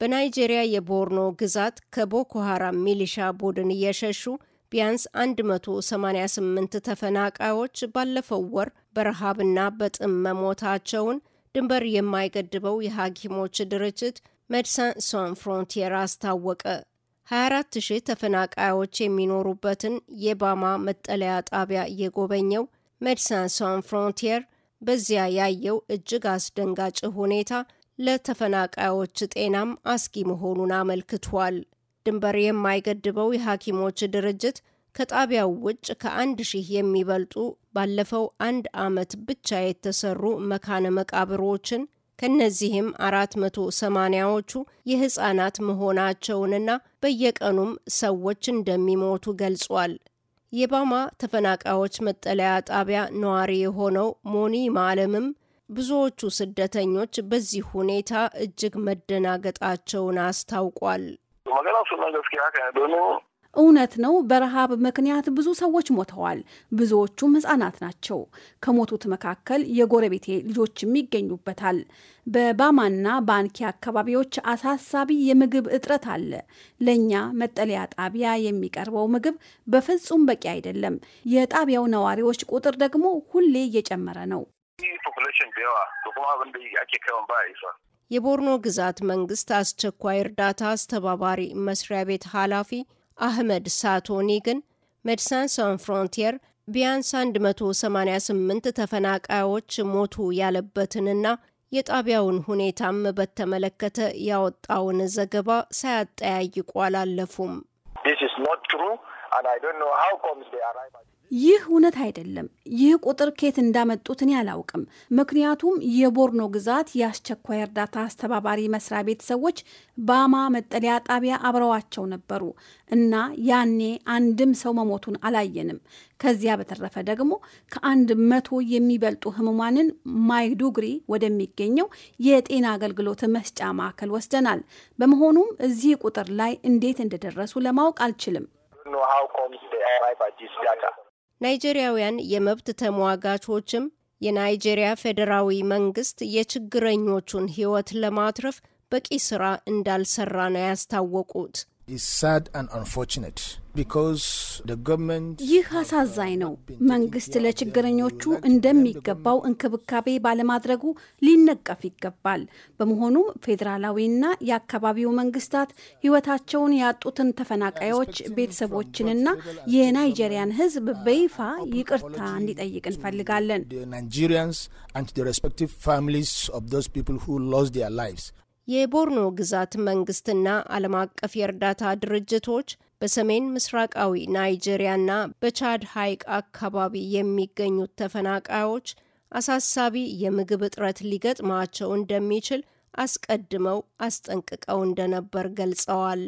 በናይጄሪያ የቦርኖ ግዛት ከቦኮ ሚሊሻ ቡድን እየሸሹ ቢያንስ 188 ተፈናቃዮች ባለፈው ወር በረሃብና በጥም መሞታቸውን ድንበር የማይገድበው የሐኪሞች ድርጅት ሜድሳን ሶን ፍሮንቲየር አስታወቀ። 24 ሺህ ተፈናቃዮች የሚኖሩበትን የባማ መጠለያ ጣቢያ እየጎበኘው ሜድሳን ሶን ፍሮንቲየር በዚያ ያየው እጅግ አስደንጋጭ ሁኔታ ለተፈናቃዮች ጤናም አስጊ መሆኑን አመልክቷል። ድንበር የማይገድበው የሐኪሞች ድርጅት ከጣቢያው ውጭ ከአንድ ሺህ የሚበልጡ ባለፈው አንድ ዓመት ብቻ የተሰሩ መካነ መቃብሮችን ከነዚህም አራት መቶ ሰማንያዎቹ የሕፃናት መሆናቸውንና በየቀኑም ሰዎች እንደሚሞቱ ገልጿል። የባማ ተፈናቃዮች መጠለያ ጣቢያ ነዋሪ የሆነው ሞኒ ማለምም ብዙዎቹ ስደተኞች በዚህ ሁኔታ እጅግ መደናገጣቸውን አስታውቋል። እውነት ነው። በረሃብ ምክንያት ብዙ ሰዎች ሞተዋል። ብዙዎቹም ህጻናት ናቸው። ከሞቱት መካከል የጎረቤቴ ልጆችም ይገኙበታል። በባማና ባንኪ አካባቢዎች አሳሳቢ የምግብ እጥረት አለ። ለእኛ መጠለያ ጣቢያ የሚቀርበው ምግብ በፍጹም በቂ አይደለም። የጣቢያው ነዋሪዎች ቁጥር ደግሞ ሁሌ እየጨመረ ነው። population da yawa to kuma abin da የቦርኖ ግዛት መንግስት አስቸኳይ እርዳታ አስተባባሪ መስሪያ ቤት ኃላፊ አህመድ ሳቶኒ ግን ሜድሳን ሳን ፍሮንቲየር ቢያንስ 188 ተፈናቃዮች ሞቱ ያለበትንና የጣቢያውን ሁኔታም በተመለከተ ያወጣውን ዘገባ ሳያጠያይቁ አላለፉም። ይህ እውነት አይደለም። ይህ ቁጥር ኬት እንዳመጡት እኔ አላውቅም። ምክንያቱም የቦርኖ ግዛት የአስቸኳይ እርዳታ አስተባባሪ መስሪያ ቤት ሰዎች ባማ መጠለያ ጣቢያ አብረዋቸው ነበሩ እና ያኔ አንድም ሰው መሞቱን አላየንም። ከዚያ በተረፈ ደግሞ ከአንድ መቶ የሚበልጡ ህሙማንን ማይዱግሪ ወደሚገኘው የጤና አገልግሎት መስጫ ማዕከል ወስደናል። በመሆኑም እዚህ ቁጥር ላይ እንዴት እንደደረሱ ለማወቅ አልችልም። ናይጄሪያውያን የመብት ተሟጋቾችም የናይጄሪያ ፌዴራዊ መንግስት የችግረኞቹን ህይወት ለማትረፍ በቂ ስራ እንዳልሰራ ነው ያስታወቁት። ይህ አሳዛኝ ነው። መንግስት ለችግረኞቹ እንደሚገባው እንክብካቤ ባለማድረጉ ሊነቀፍ ይገባል። በመሆኑም ፌዴራላዊና የአካባቢው መንግስታት ሕይወታቸውን ያጡትን ተፈናቃዮች ቤተሰቦችንና የናይጄሪያን ሕዝብ በይፋ ይቅርታ እንዲጠይቅ እንፈልጋለን። የቦርኖ ግዛት መንግስትና ዓለም አቀፍ የእርዳታ ድርጅቶች በሰሜን ምስራቃዊ ናይጄሪያና በቻድ ሐይቅ አካባቢ የሚገኙት ተፈናቃዮች አሳሳቢ የምግብ እጥረት ሊገጥማቸው እንደሚችል አስቀድመው አስጠንቅቀው እንደነበር ገልጸዋል።